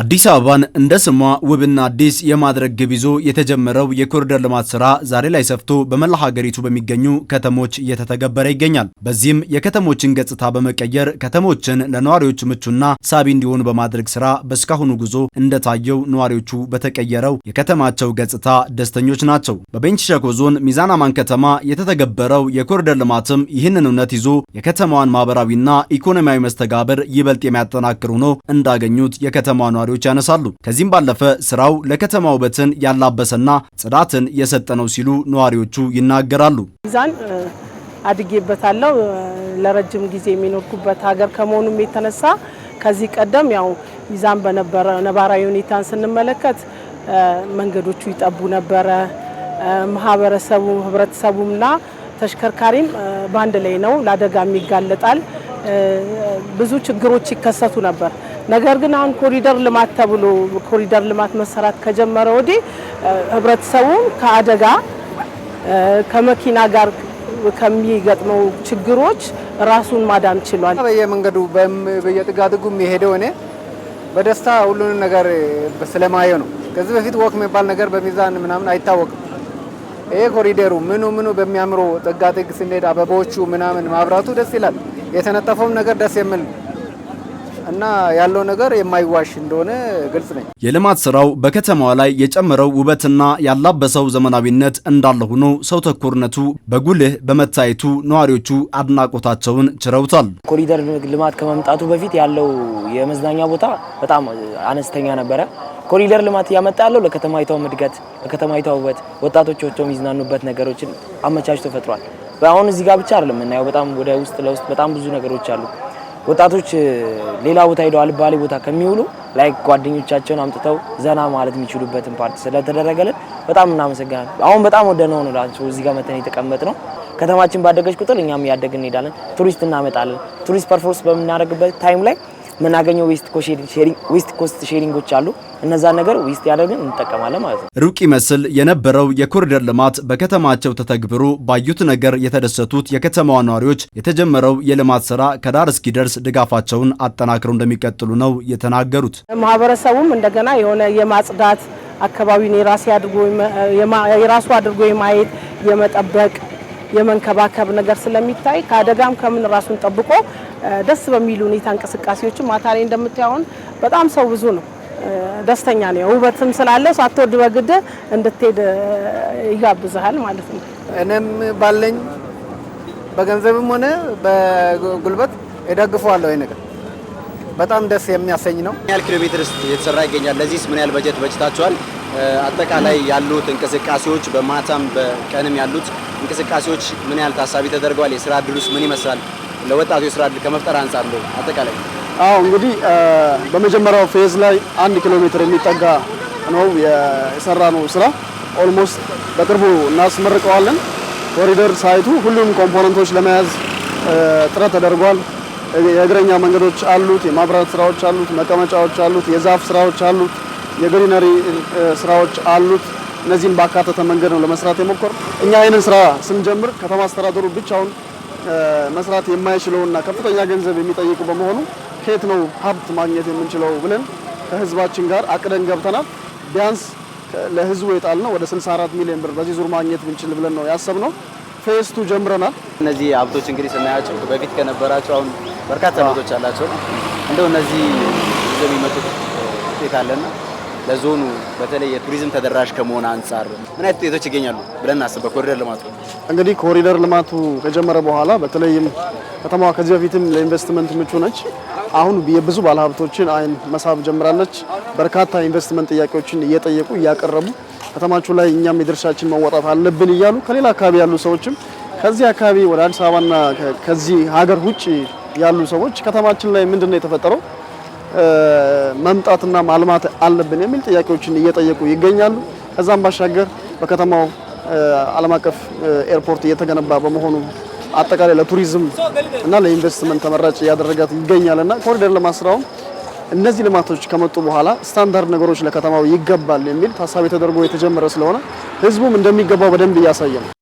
አዲስ አበባን እንደ ስሟ ውብና አዲስ የማድረግ ግብ ይዞ የተጀመረው የኮሪደር ልማት ስራ ዛሬ ላይ ሰፍቶ በመላ ሀገሪቱ በሚገኙ ከተሞች እየተተገበረ ይገኛል። በዚህም የከተሞችን ገጽታ በመቀየር ከተሞችን ለነዋሪዎች ምቹና ሳቢ እንዲሆኑ በማድረግ ስራ በእስካሁኑ ጉዞ እንደታየው ነዋሪዎቹ በተቀየረው የከተማቸው ገጽታ ደስተኞች ናቸው። በቤንች ሸኮ ዞን ሚዛን አማን ከተማ የተተገበረው የኮሪደር ልማትም ይህንን እውነት ይዞ የከተማዋን ማህበራዊና ኢኮኖሚያዊ መስተጋብር ይበልጥ የሚያጠናክር ሆኖ እንዳገኙት የከተማ ነዋሪዎች ያነሳሉ። ከዚህም ባለፈ ስራው ለከተማ ውበትን ያላበሰና ጽዳትን የሰጠ ነው ሲሉ ነዋሪዎቹ ይናገራሉ። ሚዛን አድጌበታለሁ። ለረጅም ጊዜ የሚኖርኩበት ሀገር ከመሆኑም የተነሳ ከዚህ ቀደም ያው ሚዛን በነበረ ነባራዊ ሁኔታን ስንመለከት መንገዶቹ ይጠቡ ነበረ። ማህበረሰቡ ህብረተሰቡምና ተሽከርካሪም በአንድ ላይ ነው፣ ለአደጋም ይጋለጣል። ብዙ ችግሮች ይከሰቱ ነበር። ነገር ግን አሁን ኮሪደር ልማት ተብሎ ኮሪደር ልማት መሰራት ከጀመረ ወዲህ ህብረተሰቡ ከአደጋ ከመኪና ጋር ከሚገጥመው ችግሮች ራሱን ማዳን ችሏል። በየመንገዱ በየጥጋጥጉ የሚሄደው እኔ በደስታ ሁሉንም ነገር ስለማየው ነው። ከዚህ በፊት ወክ የሚባል ነገር በሚዛን ምናምን አይታወቅም። ይሄ ኮሪደሩ ምኑ ምኑ በሚያምሩ ጥጋጥግ ስንሄድ አበቦቹ ምናምን ማብራቱ ደስ ይላል። የተነጠፈውም ነገር ደስ የሚል እና ያለው ነገር የማይዋሽ እንደሆነ ግልጽ ነኝ። የልማት ስራው በከተማዋ ላይ የጨመረው ውበትና ያላበሰው ዘመናዊነት እንዳለ ሆኖ ሰው ተኮርነቱ በጉልህ በመታየቱ ነዋሪዎቹ አድናቆታቸውን ችረውታል። ኮሪደር ልማት ከመምጣቱ በፊት ያለው የመዝናኛ ቦታ በጣም አነስተኛ ነበረ። ኮሪደር ልማት እያመጣ ያለው ለከተማይቷ እድገት፣ ለከተማይቷ ውበት፣ ወጣቶች ወጥተው የሚዝናኑበት ነገሮችን አመቻችቶ ፈጥሯል። አሁን እዚህ ጋር ብቻ አይደለም እናየው። በጣም ወደ ውስጥ ለውስጥ በጣም ብዙ ነገሮች አሉ። ወጣቶች ሌላ ቦታ ሄደው አልባሌ ቦታ ከሚውሉ ላይክ ጓደኞቻቸውን አምጥተው ዘና ማለት የሚችሉበትን ፓርቲ ስለተደረገልን በጣም እናመሰግናለን። አሁን በጣም ወደ ነው ነው እዚህ ጋር መተን የተቀመጥ ነው። ከተማችን ባደገች ቁጥር እኛም እያደግን እንሄዳለን። ቱሪስት እናመጣለን። ቱሪስት ፐርፎርስ በምናደርግበት ታይም ላይ የምናገኘው ዌስት ኮስት ሼሪንጎች አሉ። እነዛ ነገር ዌስት ያደርግን እንጠቀማለን ማለት ነው። ሩቅ ይመስል የነበረው የኮሪደር ልማት በከተማቸው ተተግብሮ ባዩት ነገር የተደሰቱት የከተማዋ ነዋሪዎች የተጀመረው የልማት ስራ ከዳር እስኪደርስ ድጋፋቸውን አጠናክረው እንደሚቀጥሉ ነው የተናገሩት። ማህበረሰቡም እንደገና የሆነ የማጽዳት አካባቢውን የራሱ አድርጎ የማየት የመጠበቅ የመንከባከብ ነገር ስለሚታይ ከአደጋም ከምን ራሱን ጠብቆ ደስ በሚል ሁኔታ እንቅስቃሴዎች ማታ ላይ እንደምታየውን በጣም ሰው ብዙ ነው። ደስተኛ ነው። ውበትም ስላለ ሳትወድ በግድ እንድትሄድ ይጋብዝሃል ማለት ነው። እኔም ባለኝ በገንዘብም ሆነ በጉልበት እደግፈዋለሁ። ይሄ ነገር በጣም ደስ የሚያሰኝ ነው። ምን ያህል ኪሎ ሜትር የተሰራ ይገኛል? ለዚህስ ምን ያህል በጀት በጅታችኋል? አጠቃላይ ያሉት እንቅስቃሴዎች በማታም በቀንም ያሉት እንቅስቃሴዎች ምን ያህል ታሳቢ ተደርገዋል? የስራ እድሉስ ምን ይመስላል? ለወጣቱ የስራ እድል ከመፍጠር አንጻር ነው አጠቃላይ? አዎ እንግዲህ በመጀመሪያው ፌዝ ላይ አንድ ኪሎ ሜትር የሚጠጋ ነው የሰራ ነው ስራ ኦልሞስት በቅርቡ እናስመርቀዋለን። ኮሪደር ሳይቱ ሁሉም ኮምፖነንቶች ለመያዝ ጥረት ተደርጓል። የእግረኛ መንገዶች አሉት፣ የማብራት ስራዎች አሉት፣ መቀመጫዎች አሉት፣ የዛፍ ስራዎች አሉት፣ የግሪነሪ ስራዎች አሉት። እነዚህም ባካተተ መንገድ ነው ለመስራት የሞከር። እኛ ይህንን ስራ ስንጀምር ከተማ አስተዳደሩ ብቻውን መስራት የማይችለውና ከፍተኛ ገንዘብ የሚጠይቁ በመሆኑ ከየት ነው ሀብት ማግኘት የምንችለው ብለን ከህዝባችን ጋር አቅደን ገብተናል። ቢያንስ ለህዝቡ የጣልነው ወደ 64 ሚሊዮን ብር በዚህ ዙር ማግኘት ብንችል ብለን ነው ያሰብነው። ፌስቱ ጀምረናል። እነዚህ ሀብቶች እንግዲህ ስናያቸው በፊት ከነበራቸው አሁን በርካታ ሀብቶች አላቸው። እንደው እነዚህ ይዘው የሚመጡት ውጤት አለና ለዞኑ በተለይ የቱሪዝም ተደራሽ ከመሆን አንጻር ምን አይነት ውጤቶች ይገኛሉ ብለን እናስብ። በኮሪደር ልማቱ እንግዲህ ኮሪደር ልማቱ ከጀመረ በኋላ በተለይም ከተማዋ ከዚህ በፊትም ለኢንቨስትመንት ምቹ ነች። አሁን የብዙ ባለሀብቶችን አይን መሳብ ጀምራለች። በርካታ ኢንቨስትመንት ጥያቄዎችን እየጠየቁ እያቀረቡ ከተማችሁ ላይ እኛም የድርሻችን መወጣት አለብን እያሉ ከሌላ አካባቢ ያሉ ሰዎችም ከዚህ አካባቢ ወደ አዲስ አበባና ከዚህ ሀገር ውጭ ያሉ ሰዎች ከተማችን ላይ ምንድን ነው የተፈጠረው መምጣትና ማልማት አለብን የሚል ጥያቄዎችን እየጠየቁ ይገኛሉ። ከዛም ባሻገር በከተማው ዓለም አቀፍ ኤርፖርት እየተገነባ በመሆኑ አጠቃላይ ለቱሪዝም እና ለኢንቨስትመንት ተመራጭ እያደረጋት ይገኛል እና ኮሪደር ልማት እነዚህ ልማቶች ከመጡ በኋላ ስታንዳርድ ነገሮች ለከተማው ይገባል የሚል ታሳቢ ተደርጎ የተጀመረ ስለሆነ ህዝቡም እንደሚገባው በደንብ እያሳየ ነው።